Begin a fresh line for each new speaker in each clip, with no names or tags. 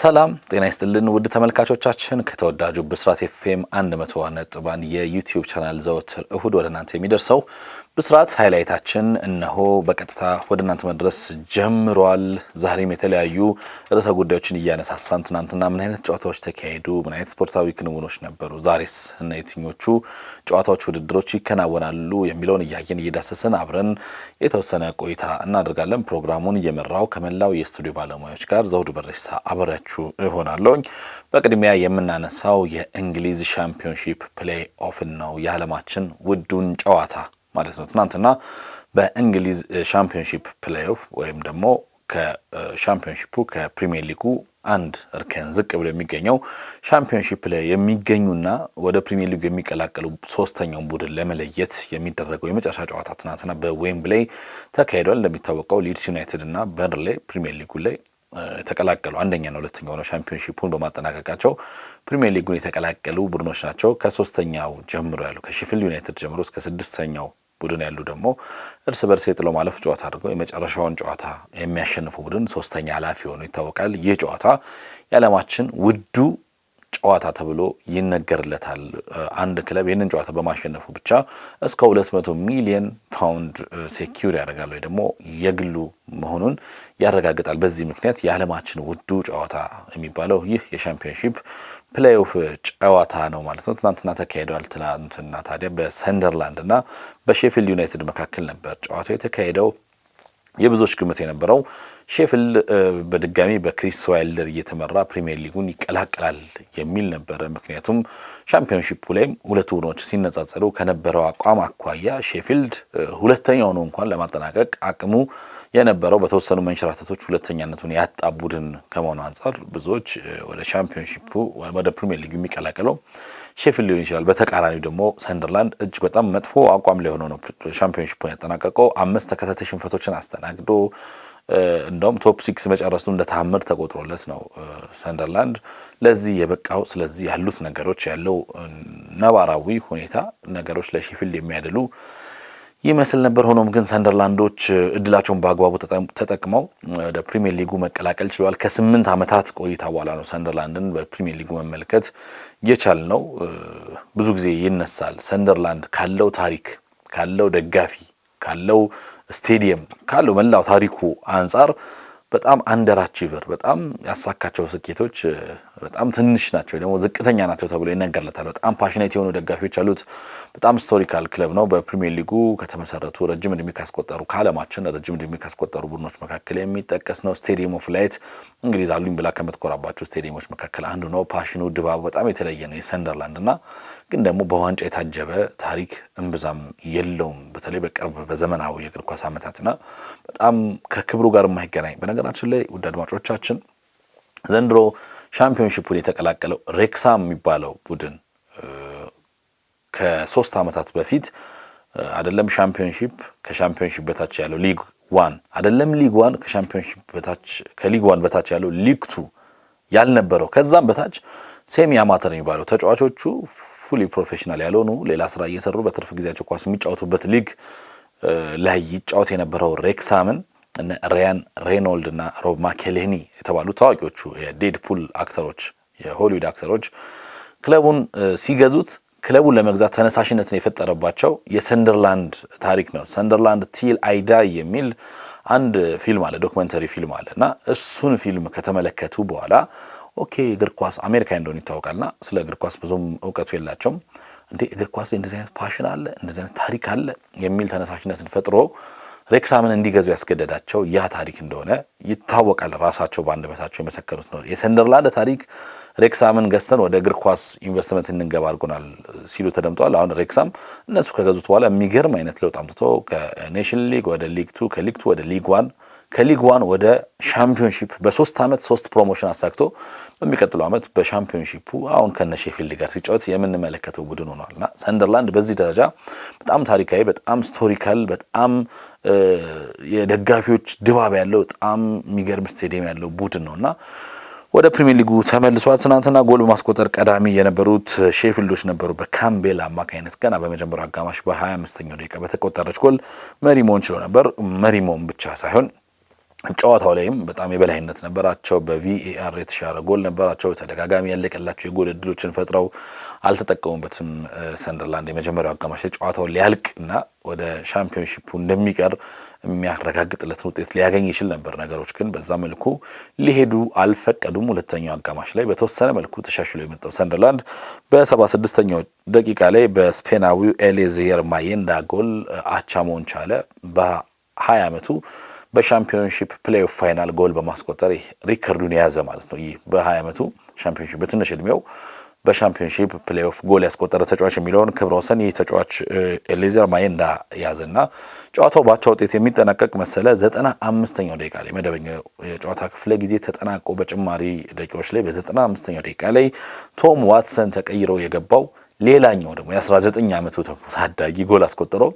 ሰላም ጤና ይስጥልን ውድ ተመልካቾቻችን፣ ከተወዳጁ ብስራት ኤፍኤም 101 ነጥብ አንድ የዩቲዩብ ቻናል ዘወትር እሁድ ወደ እናንተ የሚደርሰው ብስራት ሃይላይታችን እነሆ በቀጥታ ወደ እናንተ መድረስ ጀምሯል። ዛሬም የተለያዩ ርዕሰ ጉዳዮችን እያነሳሳን ትናንትና ምን አይነት ጨዋታዎች ተካሄዱ? ምን አይነት ስፖርታዊ ክንውኖች ነበሩ? ዛሬስ እና የትኞቹ ጨዋታዎች፣ ውድድሮች ይከናወናሉ የሚለውን እያየን እየዳሰስን አብረን የተወሰነ ቆይታ እናደርጋለን። ፕሮግራሙን እየመራው ከመላው የስቱዲዮ ባለሙያዎች ጋር ዘውድ በሬሳ አብሬያችሁ እሆናለሁኝ። በቅድሚያ የምናነሳው የእንግሊዝ ሻምፒዮንሺፕ ፕሌይ ኦፍን ነው። የዓለማችን ውዱን ጨዋታ ማለት ነው። ትናንትና በእንግሊዝ ሻምፒዮንሺፕ ፕሌይኦፍ ወይም ደግሞ ከሻምፒዮንሺፑ ከፕሪሚየር ሊጉ አንድ እርከን ዝቅ ብሎ የሚገኘው ሻምፒዮንሺፕ ላይ የሚገኙና ወደ ፕሪሚየር ሊግ የሚቀላቀሉ ሶስተኛውን ቡድን ለመለየት የሚደረገው የመጨረሻ ጨዋታ ትናንትና በዌምብሌይ ተካሂዷል። እንደሚታወቀው ሊድስ ዩናይትድ እና በርንሌ ፕሪሚየር ሊጉ ላይ የተቀላቀሉ አንደኛና ሁለተኛ ሆነው ሻምፒዮንሺፑን በማጠናቀቃቸው ፕሪሚየር ሊጉን የተቀላቀሉ ቡድኖች ናቸው። ከሶስተኛው ጀምሮ ያሉ ከሽፊልድ ዩናይትድ ጀምሮ እስከ ስድስተኛው ቡድን ያሉ ደግሞ እርስ በርስ የጥሎ ማለፍ ጨዋታ አድርገው የመጨረሻውን ጨዋታ የሚያሸንፉ ቡድን ሶስተኛ ኃላፊ ሆኖ ይታወቃል። ይህ ጨዋታ የዓለማችን ውዱ ጨዋታ ተብሎ ይነገርለታል። አንድ ክለብ ይህንን ጨዋታ በማሸነፉ ብቻ እስከ 200 ሚሊየን ፓውንድ ሴኪር ያደርጋል ወይ ደግሞ የግሉ መሆኑን ያረጋግጣል። በዚህ ምክንያት የዓለማችን ውዱ ጨዋታ የሚባለው ይህ የሻምፒዮንሺፕ ፕሌይኦፍ ጨዋታ ነው ማለት ነው። ትናንትና ተካሂደዋል። ትናንትና ታዲያ በሰንደርላንድ እና በሼፊልድ ዩናይትድ መካከል ነበር ጨዋታው የተካሄደው። የብዙዎች ግምት የነበረው ሼፍል በድጋሚ በክሪስ ዋይልደር እየተመራ ፕሪሚየር ሊጉን ይቀላቀላል የሚል ነበረ። ምክንያቱም ሻምፒዮንሺፑ ላይም ሁለቱ ቡድኖች ሲነጻጸሩ ከነበረው አቋም አኳያ ሼፊልድ ሁለተኛ ሆኖ እንኳን ለማጠናቀቅ አቅሙ የነበረው በተወሰኑ መንሸራተቶች ሁለተኛነቱን ያጣ ቡድን ከመሆኑ አንጻር ብዙዎች ወደ ሻምፒዮንሺፑ ወደ ፕሪሚየር ሊጉ የሚቀላቀለው ሼፊልድ ሊሆን ይችላል። በተቃራኒው ደግሞ ሰንደርላንድ እጅግ በጣም መጥፎ አቋም ላይ ሆኖ ነው ሻምፒዮንሺፑን ያጠናቀቀው። አምስት ተከታታይ ሽንፈቶችን አስተናግዶ እንደውም ቶፕ ሲክስ መጨረሱ እንደ ተአምር ተቆጥሮለት ነው ሰንደርላንድ ለዚህ የበቃው። ስለዚህ ያሉት ነገሮች ያለው ነባራዊ ሁኔታ ነገሮች ለሼፊልድ የሚያደሉ ይመስል ነበር። ሆኖም ግን ሰንደርላንዶች እድላቸውን በአግባቡ ተጠቅመው ወደ ፕሪሚየር ሊጉ መቀላቀል ችለዋል። ከስምንት ዓመታት ቆይታ በኋላ ነው ሰንደርላንድን በፕሪሚየር ሊጉ መመልከት ነው። ብዙ ጊዜ ይነሳል ሰንደርላንድ ካለው ታሪክ ካለው ደጋፊ ካለው ስቴዲየም ካለው መላው ታሪኩ አንጻር በጣም አንደር አቺቨር በጣም ያሳካቸው ስኬቶች በጣም ትንሽ ናቸው፣ ደግሞ ዝቅተኛ ናቸው ተብሎ ይነገርለታል። በጣም ፓሽኔት የሆኑ ደጋፊዎች አሉት። በጣም ስቶሪካል ክለብ ነው። በፕሪሚየር ሊጉ ከተመሰረቱ ረጅም እድሜ ካስቆጠሩ ከዓለማችን ረጅም እድሜ ካስቆጠሩ ቡድኖች መካከል የሚጠቀስ ነው። ስቴዲየም ኦፍ ላይት እንግሊዝ አሉኝ ብላ ከምትኮራባቸው ስቴዲየሞች መካከል አንዱ ነው። ፓሽኑ ድባቡ በጣም የተለየ ነው የሰንደርላንድ እና ግን ደግሞ በዋንጫ የታጀበ ታሪክ እምብዛም የለውም። በተለይ በቅርብ በዘመናዊ የእግር ኳስ ዓመታትና በጣም ከክብሩ ጋር የማይገናኝ በነገራችን ላይ ውድ አድማጮቻችን ዘንድሮ ሻምፒዮንሺፑን የተቀላቀለው ሬክሳም የሚባለው ቡድን ከሶስት ዓመታት በፊት አይደለም ሻምፒዮንሺፕ ከሻምፒዮንሺፕ በታች ያለው ሊግ ዋን አይደለም ሊግ ዋን ከሻምፒዮንሺፕ በታች ከሊግ ዋን በታች ያለው ሊግ ቱ ያልነበረው ከዛም በታች ሴሚ አማተር የሚባለው ተጫዋቾቹ ፉሊ ፕሮፌሽናል ያልሆኑ ሌላ ስራ እየሰሩ በትርፍ ጊዜያቸው ኳስ የሚጫወቱበት ሊግ ላይ ይጫወት የነበረው ሬክሳምን እነ ሪያን ሬኖልድ እና ሮብ ማኬሌኒ የተባሉ ታዋቂዎቹ የዴድፑል አክተሮች የሆሊውድ አክተሮች ክለቡን ሲገዙት ክለቡን ለመግዛት ተነሳሽነትን የፈጠረባቸው የሰንደርላንድ ታሪክ ነው። ሰንደርላንድ ቲል አይዳ የሚል አንድ ፊልም አለ፣ ዶክመንተሪ ፊልም አለ እና እሱን ፊልም ከተመለከቱ በኋላ ኦኬ እግር ኳስ አሜሪካ እንደሆነ ይታወቃልና ስለ እግር ኳስ ብዙም እውቀቱ የላቸውም። እንዴ እግር ኳስ እንደዚህ አይነት ፓሽን አለ፣ እንደዚህ አይነት ታሪክ አለ የሚል ተነሳሽነትን ፈጥሮ ሬክሳምን እንዲገዙ ያስገደዳቸው ያ ታሪክ እንደሆነ ይታወቃል። ራሳቸው በአንደበታቸው የመሰከሩት ነው። የሰንደርላንድ ታሪክ ሬክሳምን ገዝተን ወደ እግር ኳስ ኢንቨስትመንት እንገባ አድርጎናል ሲሉ ተደምጠዋል። አሁን ሬክሳም እነሱ ከገዙት በኋላ የሚገርም አይነት ለውጥ አምጥቶ ከኔሽን ሊግ ወደ ሊግ ቱ ከሊግ ቱ ወደ ሊግ ዋን ከሊግ ዋን ወደ ሻምፒዮንሺፕ በሶስት ዓመት ሶስት ፕሮሞሽን አሳክቶ በሚቀጥለው ዓመት በሻምፒዮንሺፑ አሁን ከነ ሼፊልድ ጋር ሲጫወት የምንመለከተው ቡድን ሆኗልና ሰንደርላንድ በዚህ ደረጃ በጣም ታሪካዊ፣ በጣም ስቶሪካል፣ በጣም የደጋፊዎች ድባብ ያለው በጣም የሚገርም ስቴዲየም ያለው ቡድን እና ወደ ፕሪሚየር ሊጉ ተመልሷል። ትናንትና ጎል በማስቆጠር ቀዳሚ የነበሩት ሼፊልዶች ነበሩ። በካምቤል አማካኝነት ገና በመጀመሪያው አጋማሽ በ25ኛው ደቂቃ በተቆጠረች ጎል መሪ መሆን ችሎ ነበር። መሪ መሆን ብቻ ሳይሆን ጨዋታው ላይም በጣም የበላይነት ነበራቸው። በቪኤአር የተሻረ ጎል ነበራቸው። ተደጋጋሚ ያለቀላቸው የጎል እድሎችን ፈጥረው አልተጠቀሙበትም። ሰንደርላንድ የመጀመሪያው አጋማሽ ጨዋታው ሊያልቅ እና ወደ ሻምፒዮንሺፑ እንደሚቀር የሚያረጋግጥለትን ውጤት ሊያገኝ ይችል ነበር። ነገሮች ግን በዛ መልኩ ሊሄዱ አልፈቀዱም። ሁለተኛው አጋማሽ ላይ በተወሰነ መልኩ ተሻሽሎ የመጣው ሰንደርላንድ በ 76 ደቂቃ ላይ በስፔናዊው ኤሌዜር ማየንዳ ጎል አቻ መሆን ቻለ። በ20 ዓመቱ በሻምፒዮንሺፕ ፕሌኦፍ ፋይናል ጎል በማስቆጠር ሪከርዱን የያዘ ማለት ነው። ይህ በ20 ዓመቱ ሻምፒዮንሺፕ በትንሽ እድሜው በሻምፒዮንሺፕ ፕሌኦፍ ጎል ያስቆጠረ ተጫዋች የሚለውን ክብረ ወሰን ይህ ተጫዋች ኤሌዘር ማየንዳ ያዘና ጨዋታው ባቻ ውጤት የሚጠናቀቅ መሰለ። ዘጠና አምስተኛው ደቂቃ ላይ መደበኛ የጨዋታ ክፍለ ጊዜ ተጠናቆ በጭማሪ ደቂቃዎች ላይ በዘጠና አምስተኛው ደቂቃ ላይ ቶም ዋትሰን ተቀይሮ የገባው ሌላኛው ደግሞ የ19 ዓመቱ ታዳጊ ጎል አስቆጠረው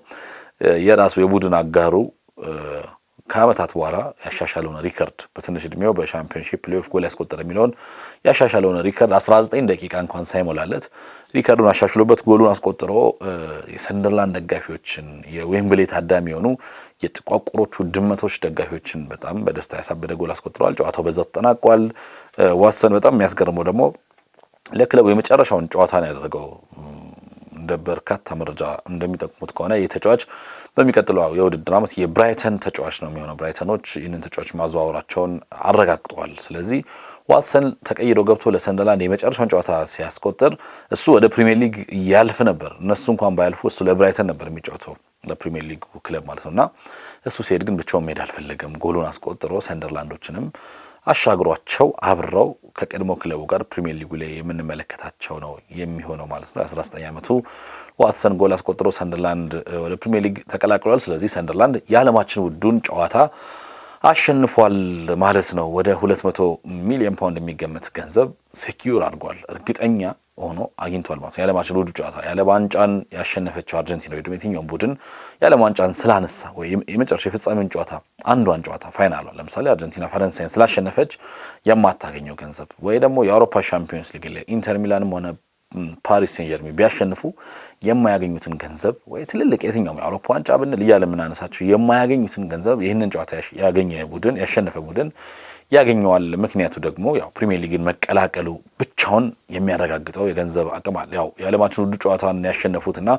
የራሱ የቡድን አጋሩ ከዓመታት በኋላ ያሻሻለውን ሪከርድ በትንሽ እድሜው በሻምፒዮንሺፕ ፕሌኦፍ ጎል ያስቆጠረ የሚለውን ያሻሻለውን ሪከርድ 19 ደቂቃ እንኳን ሳይሞላለት ሪከርዱን አሻሽሎበት ጎሉን አስቆጥሮ የሰንደርላንድ ደጋፊዎችን የዌምብሌ ታዳሚ የሆኑ የጥቋቁሮቹ ድመቶች ደጋፊዎችን በጣም በደስታ ያሳበደ ጎል አስቆጥረዋል። ጨዋታው በዛው ተጠናቋል። ዋሰን በጣም የሚያስገርመው ደግሞ ለክለቡ የመጨረሻውን ጨዋታ ነው ያደረገው እንደ በርካታ መረጃ እንደሚጠቁሙት ከሆነ ይህ ተጫዋች በሚቀጥለው የውድድር ዓመት የብራይተን ተጫዋች ነው የሚሆነው። ብራይተኖች ይህንን ተጫዋች ማዘዋወራቸውን አረጋግጠዋል። ስለዚህ ዋትሰን ተቀይሮ ገብቶ ለሰንደርላንድ የመጨረሻውን ጨዋታ ሲያስቆጥር እሱ ወደ ፕሪሚየር ሊግ ያልፍ ነበር። እነሱ እንኳን ባያልፉ እሱ ለብራይተን ነበር የሚጫወተው ለፕሪሚየር ሊግ ክለብ ማለት ነው እና እሱ ሲሄድ ግን ብቻውን መሄድ አልፈለገም። ጎሉን አስቆጥሮ ሰንደርላንዶችንም አሻግሯቸው አብረው ከቀድሞ ክለቡ ጋር ፕሪሚየር ሊጉ ላይ የምንመለከታቸው ነው የሚሆነው ማለት ነው። የ19 ዓመቱ ዋትሰን ጎል አስቆጥሮ ሰንደርላንድ ወደ ፕሪሚየር ሊግ ተቀላቅሏል። ስለዚህ ሰንደርላንድ የዓለማችን ውዱን ጨዋታ አሸንፏል ማለት ነው። ወደ 200 ሚሊዮን ፓውንድ የሚገመት ገንዘብ ሴኪዩር አድርጓል። እርግጠኛ ሆኖ አግኝቷል ማለት ነው። የዓለም አቻ ጨዋታ የዓለም ዋንጫን ያሸነፈችው አርጀንቲና ወይ ደግሞ የትኛውም ቡድን የዓለም ዋንጫን ስላነሳ ወይ የመጨረሻ የፍጻሜውን ጨዋታ አንዷን ጨዋታ ፋይናሏን ለምሳሌ አርጀንቲና ፈረንሳይን ስላሸነፈች የማታገኘው ገንዘብ ወይ ደግሞ የአውሮፓ ሻምፒዮንስ ሊግ ላይ ኢንተር ሚላንም ሆነ ፓሪስ ሴን ጀርሜን ቢያሸንፉ የማያገኙትን ገንዘብ ወይ ትልልቅ የትኛውም የአውሮፓ ዋንጫ ብንል እያለ የምናነሳቸው የማያገኙትን ገንዘብ ይህንን ጨዋታ ያገኘ ቡድን ያሸነፈ ቡድን ያገኘዋል። ምክንያቱ ደግሞ ያው ፕሪሚየር ሊግን መቀላቀሉ ብቻውን የሚያረጋግጠው የገንዘብ አቅም አለ። ያው የዓለማችን ውድ ጨዋታን ያሸነፉትና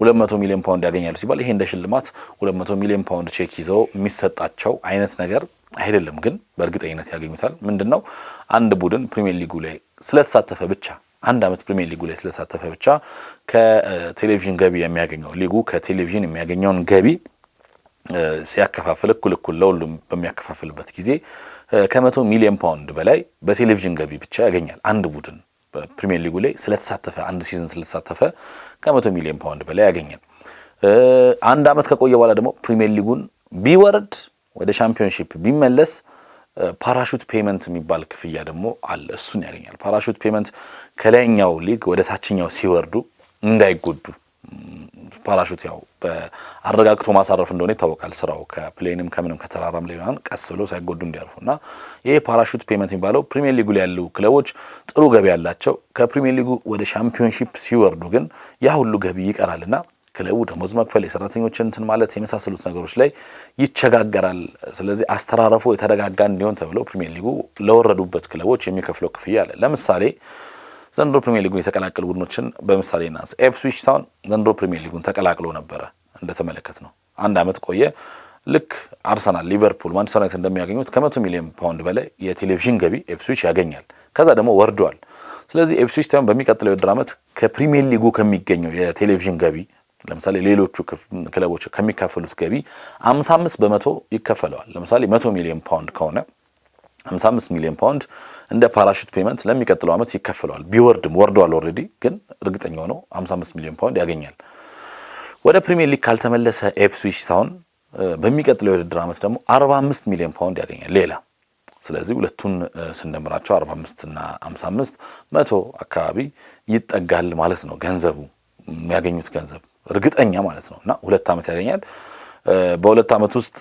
ሁለት መቶ ሚሊዮን ፓውንድ ያገኛሉ ሲባል ይሄ እንደ ሽልማት 200 መቶ ሚሊዮን ፓውንድ ቼክ ይዘው የሚሰጣቸው አይነት ነገር አይደለም። ግን በእርግጠኝነት ያገኙታል። ምንድን ነው አንድ ቡድን ፕሪሚየር ሊጉ ላይ ስለተሳተፈ ብቻ አንድ ዓመት ፕሪሚየር ሊጉ ላይ ስለተሳተፈ ብቻ ከቴሌቪዥን ገቢ የሚያገኘው ሊጉ ከቴሌቪዥን የሚያገኘውን ገቢ ሲያከፋፍል እኩል እኩል ለሁሉም በሚያከፋፍልበት ጊዜ ከመቶ ሚሊዮን ፓውንድ በላይ በቴሌቪዥን ገቢ ብቻ ያገኛል። አንድ ቡድን በፕሪሚየር ሊጉ ላይ ስለተሳተፈ አንድ ሲዝን ስለተሳተፈ ከመቶ ሚሊዮን ፓውንድ በላይ ያገኛል። አንድ ዓመት ከቆየ በኋላ ደግሞ ፕሪሚየር ሊጉን ቢወርድ ወደ ሻምፒዮንሺፕ ቢመለስ ፓራሹት ፔመንት የሚባል ክፍያ ደግሞ አለ። እሱን ያገኛል። ፓራሹት ፔመንት ከላይኛው ሊግ ወደ ታችኛው ሲወርዱ እንዳይጎዱ ፓራሹት ያው አረጋግቶ ማሳረፍ እንደሆነ ይታወቃል ስራው ከፕሌንም ከምንም ከተራራም ላይ ቀስ ብሎ ሳይጎዱ እንዲያርፉ እና ይህ ፓራሹት ፔመንት የሚባለው ፕሪሚየር ሊጉ ላይ ያሉ ክለቦች ጥሩ ገቢ ያላቸው ከፕሪሚየር ሊጉ ወደ ሻምፒዮንሺፕ ሲወርዱ ግን ያ ሁሉ ገቢ ይቀራልና ክለቡ ደሞዝ መክፈል፣ የሰራተኞችን እንትን ማለት የመሳሰሉት ነገሮች ላይ ይቸጋገራል። ስለዚህ አስተራረፉ የተረጋጋ እንዲሆን ተብሎ ፕሪሚየር ሊጉ ለወረዱበት ክለቦች የሚከፍለው ክፍያ አለ። ለምሳሌ ዘንድሮ ፕሪሚየር ሊጉን የተቀላቀሉ ቡድኖችን በምሳሌ እናንስ። ኤፕስዊች ታውን ዘንድሮ ፕሪሚየር ሊጉን ተቀላቅሎ ነበረ እንደተመለከት ነው። አንድ ዓመት ቆየ። ልክ አርሰናል፣ ሊቨርፑል፣ ማንቸስተር ዩናይትድ እንደሚያገኙት ከመቶ ሚሊዮን ፓውንድ በላይ የቴሌቪዥን ገቢ ኤፕስዊች ያገኛል። ከዛ ደግሞ ወርደዋል። ስለዚህ ኤፕስዊች ታውን በሚቀጥለው የውድድር ዓመት ከፕሪሚየር ሊጉ ከሚገኘው የቴሌቪዥን ገቢ ለምሳሌ ሌሎቹ ክለቦች ከሚካፈሉት ገቢ 55 በመቶ ይከፈለዋል። ለምሳሌ መቶ ሚሊዮን ፓውንድ ከሆነ 55 ሚሊዮን ፓውንድ እንደ ፓራሹት ፔመንት ለሚቀጥለው ዓመት ይከፍለዋል። ቢወርድም ወርዷል ኦልሬዲ፣ ግን እርግጠኛ ሆኖ 55 ሚሊዮን ፓውንድ ያገኛል። ወደ ፕሪሚየር ሊግ ካልተመለሰ ኤፕስዊች ታውን በሚቀጥለው የውድድር ዓመት ደግሞ 45 ሚሊዮን ፓውንድ ያገኛል ሌላ። ስለዚህ ሁለቱን ስንደምራቸው 45 እና 55 መቶ አካባቢ ይጠጋል ማለት ነው ገንዘቡ የሚያገኙት ገንዘብ እርግጠኛ ማለት ነው እና ሁለት ዓመት ያገኛል። በሁለት ዓመት ውስጥ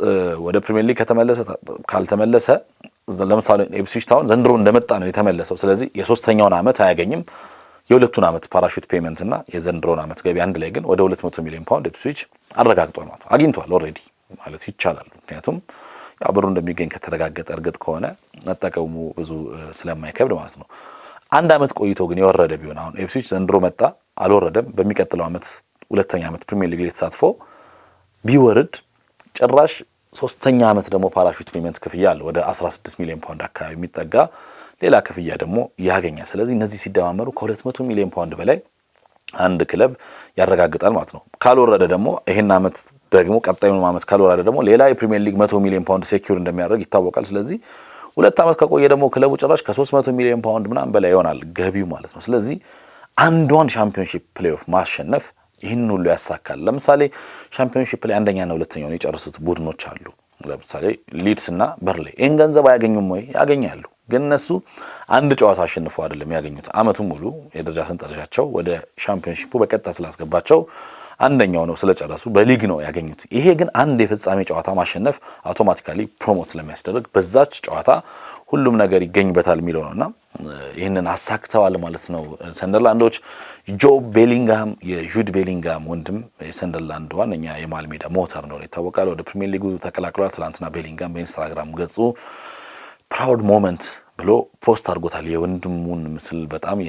ወደ ፕሪሚየር ሊግ ከተመለሰ ካልተመለሰ ለምሳሌ ኢፕስዊች ታውን ዘንድሮ እንደመጣ ነው የተመለሰው። ስለዚህ የሶስተኛውን ዓመት አያገኝም። የሁለቱን ዓመት ፓራሹት ፔመንት እና የዘንድሮን ዓመት ገቢ አንድ ላይ ግን ወደ 200 ሚሊዮን ፓውንድ ኢፕስዊች አረጋግጧል ማለት ነው። አግኝቷል ኦልሬዲ ማለት ይቻላል። ምክንያቱም ብሩ እንደሚገኝ ከተረጋገጠ እርግጥ ከሆነ መጠቀሙ ብዙ ስለማይከብድ ማለት ነው። አንድ ዓመት ቆይቶ ግን የወረደ ቢሆን አሁን ኢፕስዊች ዘንድሮ መጣ አልወረደም። በሚቀጥለው ዓመት ሁለተኛ ዓመት ፕሪሚየር ሊግ ላይ ተሳትፎ ቢወርድ ጭራሽ ሶስተኛ ዓመት ደግሞ ፓራሹት ፔመንት ክፍያ አለ ወደ 16 ሚሊዮን ፓውንድ አካባቢ የሚጠጋ ሌላ ክፍያ ደግሞ ያገኛል። ስለዚህ እነዚህ ሲደማመሩ ከ200 ሚሊዮን ፓውንድ በላይ አንድ ክለብ ያረጋግጣል ማለት ነው። ካልወረደ ደግሞ ይህን ዓመት ደግሞ ቀጣዩን ዓመት ካልወረደ ደግሞ ሌላ የፕሪሚየር ሊግ 100 ሚሊዮን ፓውንድ ሴኪዩር እንደሚያደርግ ይታወቃል። ስለዚህ ሁለት ዓመት ከቆየ ደግሞ ክለቡ ጭራሽ ከ300 ሚሊዮን ፓውንድ ምናምን በላይ ይሆናል ገቢው ማለት ነው። ስለዚህ አንዷን ሻምፒዮንሺፕ ፕሌይኦፍ ማሸነፍ ይህንን ሁሉ ያሳካል። ለምሳሌ ሻምፒዮንሺፕ ላይ አንደኛና ሁለተኛውን የጨረሱት ቡድኖች አሉ። ለምሳሌ ሊድስ እና በርሌ ይህን ገንዘብ አያገኙም ወይ? ያገኛሉ። ግን እነሱ አንድ ጨዋታ አሸንፈው አይደለም ያገኙት። አመቱን ሙሉ የደረጃ ሰንጠረዣቸው ወደ ሻምፒዮንሺፑ በቀጥታ ስላስገባቸው አንደኛው ነው ስለጨረሱ በሊግ ነው ያገኙት። ይሄ ግን አንድ የፍጻሜ ጨዋታ ማሸነፍ አውቶማቲካሊ ፕሮሞት ስለሚያስደርግ በዛች ጨዋታ ሁሉም ነገር ይገኝበታል የሚለው ነው እና ይህንን አሳክተዋል ማለት ነው ሰንደርላንዶች። ጆ ቤሊንግሃም የጁድ ቤሊንግሃም ወንድም የሰንደርላንድ ዋነኛ የመሃል ሜዳ ሞተር ነው ይታወቃል። ወደ ፕሪሚየር ሊጉ ተቀላቅሏል። ትላንትና ቤሊንግሃም በኢንስታግራም ገጹ ፕራውድ ሞመንት ብሎ ፖስት አድርጎታል። የወንድሙን ምስል በጣም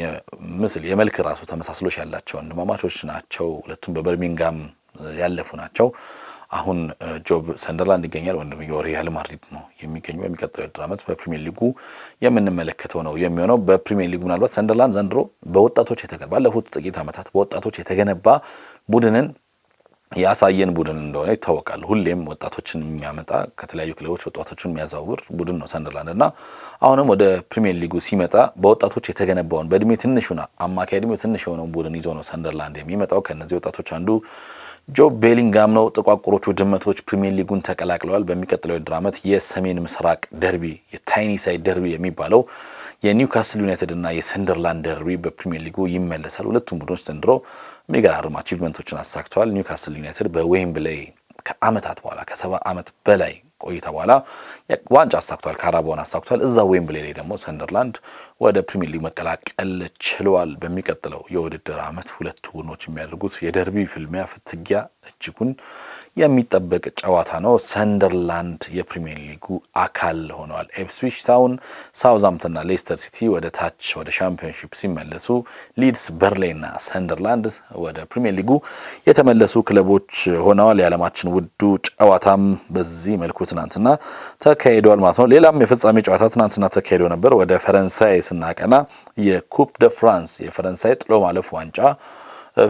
ምስል የመልክ ራሱ ተመሳስሎች ያላቸው ወንድማማቾች ናቸው። ሁለቱም በበርሚንግሃም ያለፉ ናቸው። አሁን ጆብ ሰንደርላንድ ይገኛል። ወንድምየው ሪያል ማድሪድ ነው የሚገኙ። የሚቀጥለው የውድድር ዓመት በፕሪሚየር ሊጉ የምንመለከተው ነው የሚሆነው። በፕሪሚየር ሊጉ ምናልባት ሰንደርላንድ ዘንድሮ በወጣቶች የተገነባ ባለፉት ጥቂት ዓመታት በወጣቶች የተገነባ ቡድንን ያሳየን ቡድን እንደሆነ ይታወቃል። ሁሌም ወጣቶችን የሚያመጣ ከተለያዩ ክለቦች ወጣቶችን የሚያዘዋውር ቡድን ነው ሰንደርላንድ እና አሁንም ወደ ፕሪሚየር ሊጉ ሲመጣ በወጣቶች የተገነባውን በእድሜ ትንሹና አማካይ እድሜው ትንሽ የሆነውን ቡድን ይዞ ነው ሰንደርላንድ የሚመጣው። ከእነዚህ ወጣቶች አንዱ ጆ ቤሊንጋም ነው። ጥቋቁሮቹ ድመቶች ፕሪሚየር ሊጉን ተቀላቅለዋል። በሚቀጥለው የውድድር ዓመት የሰሜን ምስራቅ ደርቢ የታይኒሳይድ ደርቢ የሚባለው የኒውካስል ዩናይትድ እና የሰንደርላንድ ደርቢ በፕሪሚየር ሊጉ ይመለሳል። ሁለቱም ቡድኖች ዘንድሮ የሚገራርም አቺቭመንቶችን አሳክተዋል። ኒውካስል ዩናይትድ በዌምብሌይ ከአመታት በኋላ ከሰባ ዓመት በላይ ቆይታ በኋላ ዋንጫ አሳክቷል። ካራባውን አሳክቷል። እዛ ዌምብሌይ ላይ ደግሞ ሰንደርላንድ ወደ ፕሪሚየር ሊግ መቀላቀል ችሏል በሚቀጥለው የውድድር ዓመት ሁለቱ ቡድኖች የሚያደርጉት የደርቢ ፍልሚያ ፍትጊያ እጅጉን የሚጠበቅ ጨዋታ ነው። ሰንደርላንድ የፕሪሚየር ሊጉ አካል ሆነዋል። ኤፕስዊች ታውን፣ ሳውዝሃምፕተንና ሌስተር ሲቲ ወደ ታች ወደ ሻምፒዮንሺፕ ሲመለሱ፣ ሊድስ፣ ና ሰንደርላንድ ወደ ፕሪሚየር ሊጉ የተመለሱ ክለቦች ሆነዋል። የዓለማችን ውዱ ጨዋታም በዚህ መልኩ ትናንትና ተካሂደዋል ማለት ነው። ሌላም የፍጻሜ ጨዋታ ትናንትና ተካሂዶ ነበር። ወደ ፈረንሳይ ስናቀና የኩፕ ደ ፍራንስ የፈረንሳይ ጥሎ ማለፍ ዋንጫ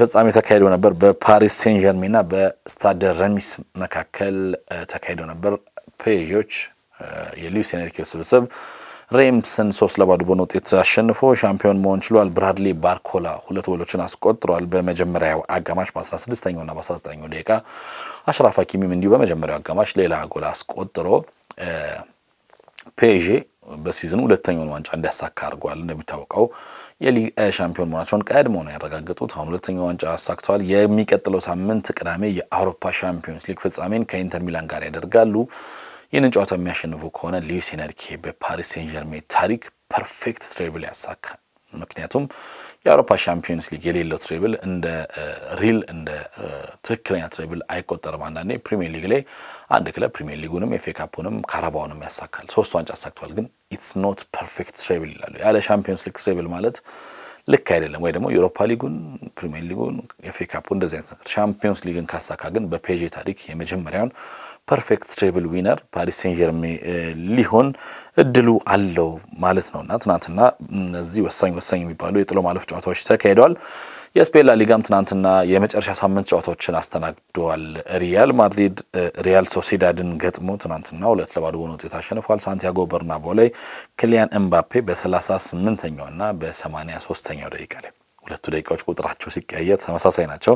ፍጻሜ ተካሂዶ ነበር። በፓሪስ ሴን ጀርሜንና በስታደ ረሚስ መካከል ተካሂዶ ነበር። ፔዥዎች የሉዊስ ኤንሪኬው ስብስብ ሬምስን ሶስት ለባዶ በሆነ ውጤት አሸንፎ ሻምፒዮን መሆን ችሏል። ብራድሊ ባርኮላ ሁለት ጎሎችን አስቆጥሯል። በመጀመሪያው አጋማሽ በ 16 ና በ19ኛው ደቂቃ አሽራፍ ሀኪሚም እንዲሁ በመጀመሪያው አጋማሽ ሌላ ጎል አስቆጥሮ ፔዤ በሲዝኑ ሁለተኛውን ዋንጫ እንዲያሳካ አድርጓል። እንደሚታወቀው የሊግ ሻምፒዮን መሆናቸውን ቀድሞ ነው ያረጋገጡት። አሁን ሁለተኛው ዋንጫ አሳክተዋል። የሚቀጥለው ሳምንት ቅዳሜ የአውሮፓ ሻምፒዮንስ ሊግ ፍጻሜን ከኢንተር ሚላን ጋር ያደርጋሉ። ይህንን ጨዋታ የሚያሸንፉ ከሆነ ሊዩስ ኤንሪኬ በፓሪስ ሴንጀርሜ ታሪክ ፐርፌክት ትሬብል ያሳካል። ምክንያቱም የአውሮፓ ሻምፒዮንስ ሊግ የሌለው ትሬብል እንደ ሪል እንደ ትክክለኛ ትሬብል አይቆጠርም። አንዳንዴ ፕሪሚየር ሊግ ላይ አንድ ክለብ ፕሪሚየር ሊጉንም ኤፍ ኤ ካፑንም ካረባውንም ያሳካል። ሶስት ዋንጫ አሳክቷል። ግን ኢትስ ኖት ፐርፌክት ትሬብል ይላሉ። ያለ ሻምፒዮንስ ሊግ ትሬብል ማለት ልክ አይደለም። ወይ ደግሞ የአውሮፓ ሊጉን ፕሪሚየር ሊጉን ኤፍ ኤ ካፑ እንደዚህ አይነት ሻምፒዮንስ ሊግን ካሳካ ግን በፔጄ ታሪክ የመጀመሪያውን ፐርፌክት ትሬብል ዊነር ፓሪስ ሴን ጀርሜ ሊሆን እድሉ አለው ማለት ነውና ትናንትና እነዚህ ወሳኝ ወሳኝ የሚባሉ የጥሎ ማለፍ ጨዋታዎች ተካሂደዋል። የስፔን ላሊጋም ትናንትና የመጨረሻ ሳምንት ጨዋታዎችን አስተናግደዋል። ሪያል ማድሪድ ሪያል ሶሲዳድን ገጥሞ ትናንትና ሁለት ለባዶ በሆነ ውጤት አሸንፏል። ሳንቲያጎ በርናቦ ላይ ክሊያን ኤምባፔ በ38ኛው እና በ83ኛው ደቂቃ ላይ ሁለቱ ደቂቃዎች ቁጥራቸው ሲቀያየር ተመሳሳይ ናቸው።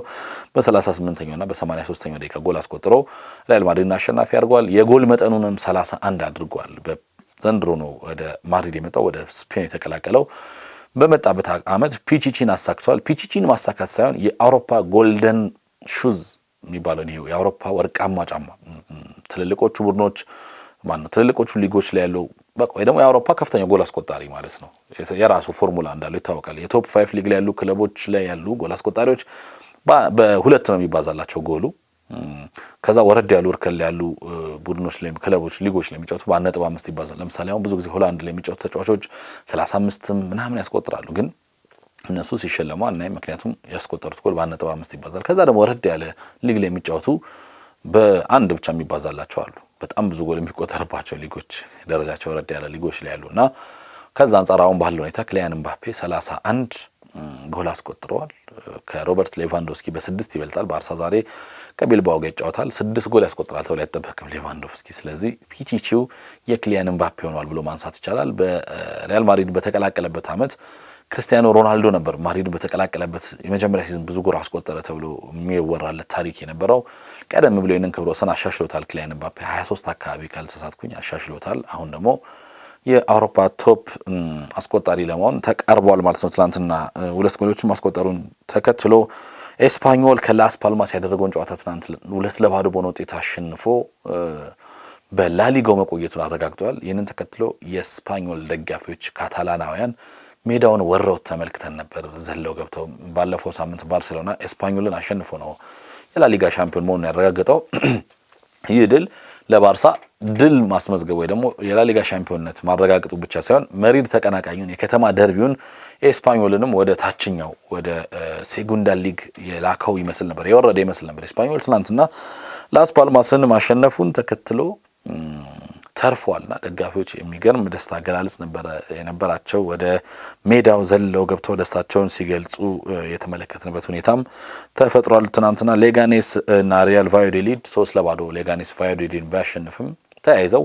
በ38ኛው እና በ83ኛው ደቂቃ ጎል አስቆጥሮ ሪያል ማድሪድን አሸናፊ አድርጓል። የጎል መጠኑንም 31 አድርጓል። ዘንድሮ ነው ወደ ማድሪድ የመጣው ወደ ስፔን የተቀላቀለው። በመጣበት ዓመት ፒቺቺን አሳክቷል። ፒቺቺን ማሳካት ሳይሆን የአውሮፓ ጎልደን ሹዝ የሚባለውን ይሄው የአውሮፓ ወርቃማ ጫማ ትልልቆቹ ቡድኖች ማነው ትልልቆቹ ሊጎች ላይ ያለው በቃ ወይ ደግሞ የአውሮፓ ከፍተኛ ጎል አስቆጣሪ ማለት ነው። የራሱ ፎርሙላ እንዳለው ይታወቃል። የቶፕ ፋይቭ ሊግ ላይ ያሉ ክለቦች ላይ ያሉ ጎል አስቆጣሪዎች በሁለት ነው የሚባዛላቸው ጎሉ። ከዛ ወረድ ያሉ እርከል ያሉ ቡድኖች ላይ ክለቦች፣ ሊጎች ላይ የሚጫወቱ በአንድ ነጥብ አምስት ይባዛል። ለምሳሌ አሁን ብዙ ጊዜ ሆላንድ ላይ የሚጫወቱ ተጫዋቾች ሰላሳ አምስትም ምናምን ያስቆጥራሉ ግን እነሱ ሲሸለሙ አናይም። ምክንያቱም ያስቆጠሩት ጎል በአንድ ነጥብ አምስት ይባዛል። ከዛ ደግሞ ወረድ ያለ ሊግ ላይ የሚጫወቱ በአንድ ብቻ የሚባዛላቸው አሉ። በጣም ብዙ ጎል የሚቆጠርባቸው ሊጎች ደረጃቸው ረድ ያለ ሊጎች ላይ ያሉ እና ከዛ አንጻር አሁን ባለው ሁኔታ ክሊያን ምባፔ 31 ጎል አስቆጥረዋል። ከሮበርት ሌቫንዶስኪ በስድስት ይበልጣል። ባርሳ ዛሬ ከቢልባኦ ጋር ይጫወታል። ስድስት ጎል ያስቆጥራል ተብሎ አይጠበቅም ሌቫንዶስኪ። ስለዚህ ፒቺቺው የክሊያን ምባፔ ሆኗል ብሎ ማንሳት ይቻላል። በሪያል ማድሪድ በተቀላቀለበት አመት። ክርስቲያኖ ሮናልዶ ነበር ማድሪድን በተቀላቀለበት የመጀመሪያ ሲዝን ብዙ ጎር አስቆጠረ ተብሎ የሚወራለት ታሪክ የነበረው። ቀደም ብሎ ይህንን ክብረ ወሰን አሻሽሎታል። ክሊያን ምባፔ 23 አካባቢ ካልተሳትኩኝ አሻሽሎታል። አሁን ደግሞ የአውሮፓ ቶፕ አስቆጣሪ ለመሆን ተቃርቧል ማለት ነው። ትናንትና ሁለት ጎሎችን ማስቆጠሩን ተከትሎ ኤስፓኞል ከላስ ፓልማስ ያደረገውን ጨዋታ ትናንት ሁለት ለባዶ በሆነ ውጤት አሸንፎ በላሊጋው መቆየቱን አረጋግጧል። ይህንን ተከትሎ የስፓኞል ደጋፊዎች ካታላናውያን ሜዳውን ወረው ተመልክተን ነበር። ዘለው ገብተው ባለፈው ሳምንት ባርሴሎና ኤስፓኞልን አሸንፎ ነው የላሊጋ ሻምፒዮን መሆኑን ያረጋገጠው። ይህ ድል ለባርሳ ድል ማስመዝገብ ወይ ደግሞ የላሊጋ ሻምፒዮንነት ማረጋገጡ ብቻ ሳይሆን መሪድ ተቀናቃኙን የከተማ ደርቢውን ኤስፓኞልንም ወደ ታችኛው ወደ ሴጉንዳ ሊግ የላከው ይመስል ነበር፣ የወረደ ይመስል ነበር። ኤስፓኞል ትናንትና ላስ ፓልማስን ማሸነፉን ተከትሎ ተርፏልና ደጋፊዎች የሚገርም ደስታ አገላለጽ ነበረ የነበራቸው ወደ ሜዳው ዘለው ገብተው ደስታቸውን ሲገልጹ የተመለከትንበት ሁኔታም ተፈጥሯል። ትናንትና ሌጋኔስ እና ሪያል ቫዮዴሊድ ሶስት ለባዶ ሌጋኔስ ቫዮዴሊድን ቢያሸንፍም ተያይዘው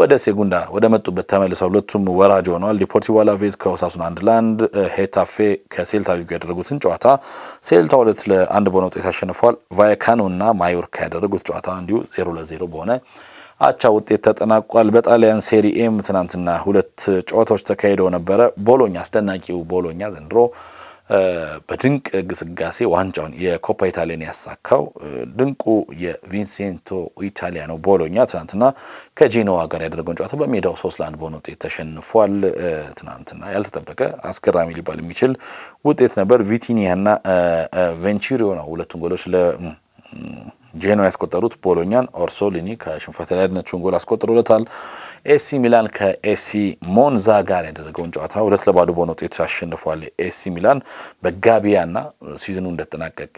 ወደ ሴጉንዳ ወደ መጡበት ተመልሰው ሁለቱም ወራጅ ሆነዋል። ዲፖርቲቮ አላቬዝ ከኦሳሱና አንድ ለአንድ፣ ሄታፌ ከሴልታ ቪጎ ያደረጉትን ጨዋታ ሴልታ ሁለት ለአንድ በሆነ ውጤት አሸንፏል። ቫያካኖ እና ማዮርካ ያደረጉት ጨዋታ እንዲሁ ዜሮ ለዜሮ በሆነ አቻ ውጤት ተጠናቋል። በጣሊያን ሴሪኤም ትናንትና ሁለት ጨዋታዎች ተካሂደው ነበረ። ቦሎኛ አስደናቂው ቦሎኛ ዘንድሮ በድንቅ ግስጋሴ ዋንጫውን የኮፓ ኢታሊያን ያሳካው ድንቁ የቪንሴንቶ ኢታሊያኖ ቦሎኛ ትናንትና ከጂኖዋ ጋር ያደረገውን ጨዋታ በሜዳው ሶስት ለአንድ በሆነ ውጤት ተሸንፏል። ትናንትና ያልተጠበቀ አስገራሚ ሊባል የሚችል ውጤት ነበር። ቪቲኒያና ቬንቹሪዮ ነው ሁለቱን ጎሎች ለ ጄኖ ያስቆጠሩት ቦሎኛን፣ ኦርሶሊኒ ከሽንፈት ላይ ያድነችውን ጎል አስቆጥሮለታል። ኤሲ ሚላን ከኤሲ ሞንዛ ጋር ያደረገውን ጨዋታ ሁለት ለባዶ በሆነ ውጤት አሸንፏል። ኤሲ ሚላን በጋቢያና ሲዝኑ እንደተጠናቀቀ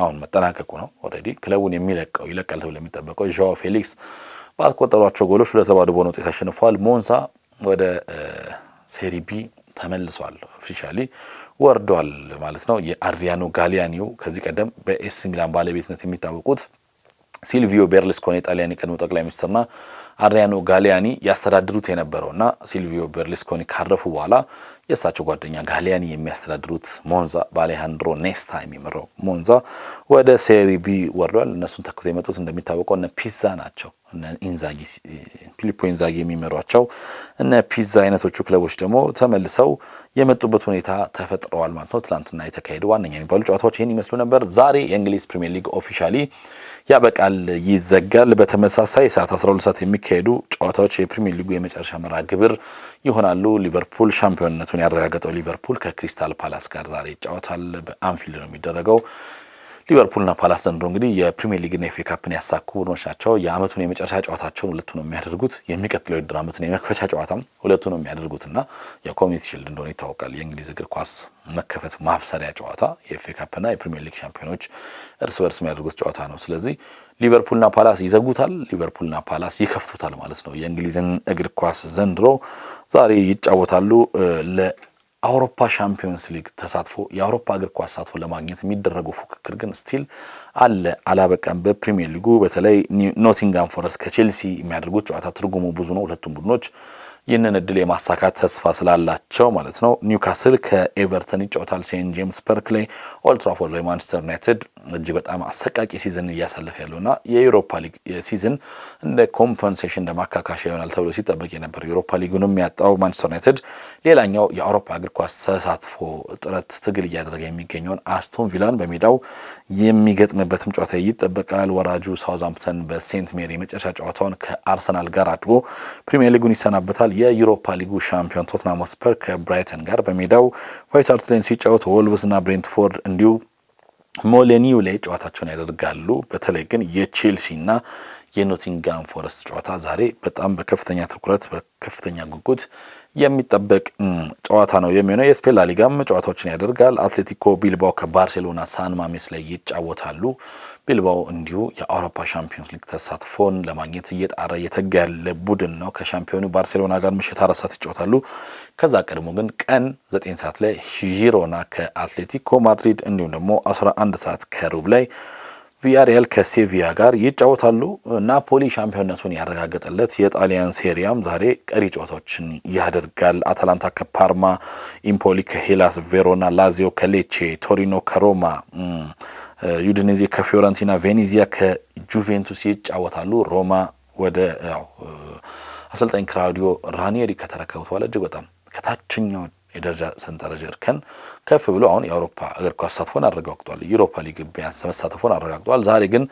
አሁን መጠናቀቁ ነው ኦልሬዲ ክለቡን የሚለቀው ይለቃል ተብሎ የሚጠበቀው ዣኦ ፌሊክስ ባስቆጠሯቸው ጎሎች ሁለት ለባዶ በሆነ ውጤት አሸንፏል። ሞንዛ ወደ ሴሪቢ ተመልሷል። ኦፊሻሊ ወርዷል ማለት ነው። የአድሪያኖ ጋሊያኒው ከዚህ ቀደም በኤሲ ሚላን ባለቤትነት የሚታወቁት ሲልቪዮ ቤርሉስኮኒ የጣሊያን የቀድሞ ጠቅላይ ሚኒስትርና አድሪያኖ ጋሊያኒ ያስተዳድሩት የነበረውና ሲልቪዮ ቤርሊስኮኒ ካረፉ በኋላ የእሳቸው ጓደኛ ጋሊያኒ የሚያስተዳድሩት ሞንዛ በአሌሃንድሮ ኔስታ የሚመራው ሞንዛ ወደ ሴሪ ቢ ወርዷል። እነሱን ተክቶ የመጡት እንደሚታወቀው እነ ፒዛ ናቸው። ኢንዛጊ ፊሊፖ ኢንዛጊ የሚመሯቸው እነ ፒዛ አይነቶቹ ክለቦች ደግሞ ተመልሰው የመጡበት ሁኔታ ተፈጥረዋል ማለት ነው። ትናንትና የተካሄዱ ዋነኛ የሚባሉ ጨዋታዎች ይህን ይመስሉ ነበር። ዛሬ የእንግሊዝ ፕሪሚየር ሊግ ኦፊሻሊ ያበቃል፣ ይዘጋል። በተመሳሳይ ሰዓት 12 ሰዓት የሚካሄዱ ጨዋታዎች የፕሪሚየር ሊጉ የመጨረሻ መርሃ ግብር ይሆናሉ። ሊቨርፑል ሻምፒዮንነቱን ያረጋገጠው ሊቨርፑል ከክሪስታል ፓላስ ጋር ዛሬ ይጫወታል። በአንፊልድ ነው የሚደረገው። ሊቨርፑልና ፓላስ ዘንድሮ እንግዲህ የፕሪሚየር ሊግና የኤፍኤ ካፕን ያሳኩ ቡድኖች ናቸው። የአመቱን የመጨረሻ ጨዋታቸውን ሁለቱ ነው የሚያደርጉት። የሚቀጥለው የውድድር አመትን የመክፈቻ ጨዋታም ሁለቱ ነው የሚያደርጉትና የኮሚኒቲ ሽልድ እንደሆነ ይታወቃል። የእንግሊዝ እግር ኳስ መከፈት ማብሰሪያ ጨዋታ የኤፍኤ ካፕና የፕሪሚየር ሊግ ሻምፒዮኖች እርስ በርስ የሚያደርጉት ጨዋታ ነው። ስለዚህ ሊቨርፑልና ፓላስ ይዘጉታል፣ ሊቨርፑልና ፓላስ ይከፍቱታል ማለት ነው። የእንግሊዝን እግር ኳስ ዘንድሮ ዛሬ ይጫወታሉ። አውሮፓ ሻምፒዮንስ ሊግ ተሳትፎ የአውሮፓ እግር ኳስ ተሳትፎ ለማግኘት የሚደረገው ፉክክር ግን ስቲል አለ አላበቃም። በፕሪሚየር ሊጉ በተለይ ኖቲንጋም ፎረስት ከቼልሲ የሚያደርጉት ጨዋታ ትርጉሙ ብዙ ነው። ሁለቱም ቡድኖች ይህንን እድል የማሳካት ተስፋ ስላላቸው ማለት ነው። ኒውካስል ከኤቨርተን ይጫወታል ሴንት ጄምስ ፐርክ ላይ። ኦልትራፎርድ ላይ ማንቸስተር ዩናይትድ እጅግ በጣም አሰቃቂ ሲዝን እያሳለፈ ያለውና የዩሮፓ ሊግ ሲዝን እንደ ኮምፐንሴሽን እንደ ማካካሻ ይሆናል ተብሎ ሲጠበቅ የነበረው ዩሮፓ ሊጉንም ያጣው ማንቸስተር ዩናይትድ ሌላኛው የአውሮፓ እግር ኳስ ተሳትፎ ጥረት ትግል እያደረገ የሚገኘውን አስቶን ቪላን በሜዳው የሚገጥምበትም ጨዋታ ይጠበቃል። ወራጁ ሳውዝሃምፕተን በሴንት ሜሪ መጨረሻ ጨዋታውን ከአርሰናል ጋር አድጎ ፕሪሚየር ሊጉን ይሰናበታል። አርሰናል የዩሮፓ ሊጉ ሻምፒዮን ቶትናም ሆስፐር ከብራይተን ጋር በሜዳው ዋይት ሃርት ሌን ሲጫወት ወልቭስና ብሬንትፎርድ እንዲሁ ሞሌኒው ላይ ጨዋታቸውን ያደርጋሉ። በተለይ ግን የቼልሲና የኖቲንጋም ፎረስት ጨዋታ ዛሬ በጣም በከፍተኛ ትኩረት በከፍተኛ ጉጉት የሚጠበቅ ጨዋታ ነው የሚሆነው። የስፔን ላሊጋም ጨዋታዎችን ያደርጋል። አትሌቲኮ ቢልባው ከባርሴሎና ሳን ማሜስ ላይ ይጫወታሉ። ቢልባኦ እንዲሁ የአውሮፓ ሻምፒዮንስ ሊግ ተሳትፎን ለማግኘት እየጣረ እየተጋ ያለ ቡድን ነው። ከሻምፒዮኑ ባርሴሎና ጋር ምሽት አራት ሰዓት ይጫወታሉ። ከዛ ቀድሞ ግን ቀን ዘጠኝ ሰዓት ላይ ዢሮና ከአትሌቲኮ ማድሪድ እንዲሁም ደግሞ 11 ሰዓት ከሩብ ላይ ቪያሪያል ከሴቪያ ጋር ይጫወታሉ። ናፖሊ ሻምፒዮንነቱን ያረጋገጠለት የጣሊያን ሴሪያም ዛሬ ቀሪ ጨዋታዎችን ያደርጋል። አታላንታ ከፓርማ፣ ኢምፖሊ ከሄላስ ቬሮና፣ ላዚዮ ከሌቼ፣ ቶሪኖ ከሮማ ዩድኔዜ ከፊዮረንቲና፣ ቬኔዚያ ከጁቬንቱስ ይጫወታሉ። ሮማ ወደ አሰልጣኝ ክላውዲዮ ራኒሪ ከተረከቡት በኋላ እጅግ በጣም ከታችኛው የደረጃ ሰንጠረዥ እርከን ከፍ ብሎ አሁን የአውሮፓ እግር ኳስ ተሳትፎን አረጋግጧል። የዩሮፓ ሊግ ቢያንስ መሳተፎን አረጋግጧል። ዛሬ ግን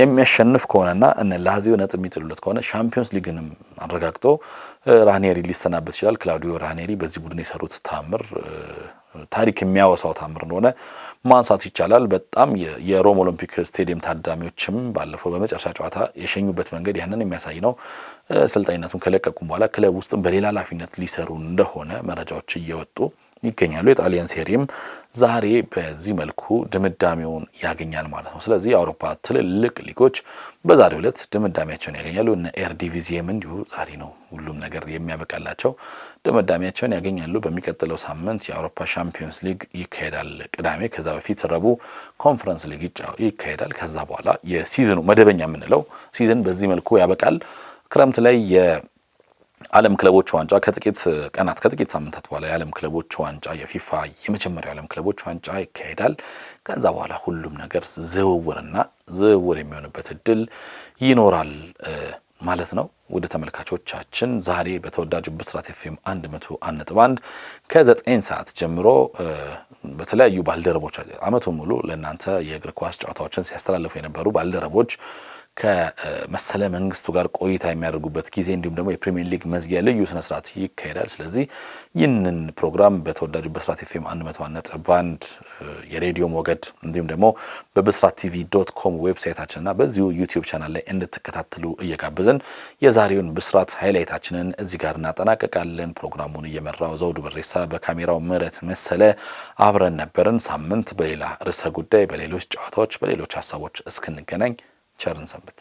የሚያሸንፍ ከሆነና እነ ላዚዮ ነጥብ የሚጥሉለት ከሆነ ሻምፒዮንስ ሊግንም አረጋግጦ ራኔሪ ሊሰናበት ይችላል። ክላውዲዮ ራኔሪ በዚህ ቡድን የሰሩት ታምር ታሪክ የሚያወሳው ታምር እንደሆነ ማንሳት ይቻላል። በጣም የሮም ኦሎምፒክ ስቴዲየም ታዳሚዎችም ባለፈው በመጨረሻ ጨዋታ የሸኙበት መንገድ ያንን የሚያሳይ ነው። አሰልጣኝነቱን ከለቀቁም በኋላ ክለብ ውስጥም በሌላ ኃላፊነት ሊሰሩ እንደሆነ መረጃዎች እየወጡ ይገኛሉ። የጣሊያን ሴሪም ዛሬ በዚህ መልኩ ድምዳሜውን ያገኛል ማለት ነው። ስለዚህ የአውሮፓ ትልልቅ ሊጎች በዛሬው ዕለት ድምዳሜያቸውን ያገኛሉ። እነ ኤርዲቪዚየም እንዲሁ ዛሬ ነው ሁሉም ነገር የሚያበቃላቸው፣ ድምዳሜያቸውን ያገኛሉ። በሚቀጥለው ሳምንት የአውሮፓ ሻምፒዮንስ ሊግ ይካሄዳል ቅዳሜ። ከዛ በፊት ረቡዕ ኮንፈረንስ ሊግ ይካሄዳል። ከዛ በኋላ የሲዝኑ መደበኛ የምንለው ሲዝን በዚህ መልኩ ያበቃል። ክረምት ላይ ዓለም ክለቦች ዋንጫ ከጥቂት ቀናት ከጥቂት ሳምንታት በኋላ የዓለም ክለቦች ዋንጫ የፊፋ የመጀመሪያው የዓለም ክለቦች ዋንጫ ይካሄዳል። ከዛ በኋላ ሁሉም ነገር ዝውውርና ዝውውር የሚሆንበት እድል ይኖራል ማለት ነው። ወደ ተመልካቾቻችን ዛሬ በተወዳጁ ብስራት ኤፍ ኤም ከ9 ሰዓት ጀምሮ በተለያዩ ባልደረቦች አመቱ ሙሉ ለእናንተ የእግር ኳስ ጨዋታዎችን ሲያስተላልፉ የነበሩ ባልደረቦች ከመሰለ መንግስቱ ጋር ቆይታ የሚያደርጉበት ጊዜ እንዲሁም ደግሞ የፕሪሚየር ሊግ መዝጊያ ልዩ ስነስርዓት ይካሄዳል። ስለዚህ ይህንን ፕሮግራም በተወዳጁ ብስራት ኤፍ ኤም 101 ነጥብ የሬዲዮ ሞገድ እንዲሁም ደግሞ በብስራት ቲቪ ዶት ኮም ዌብሳይታችንና በዚሁ ዩቲዩብ ቻናል ላይ እንድትከታተሉ እየጋበዝን የዛሬውን ብስራት ሃይላይታችንን እዚህ ጋር እናጠናቀቃለን። ፕሮግራሙን እየመራው ዘውዱ በሬሳ፣ በካሜራው ምረት መሰለ አብረን ነበርን። ሳምንት በሌላ ርዕሰ ጉዳይ፣ በሌሎች ጨዋታዎች፣ በሌሎች ሀሳቦች እስክንገናኝ ቸርን ሰንብት።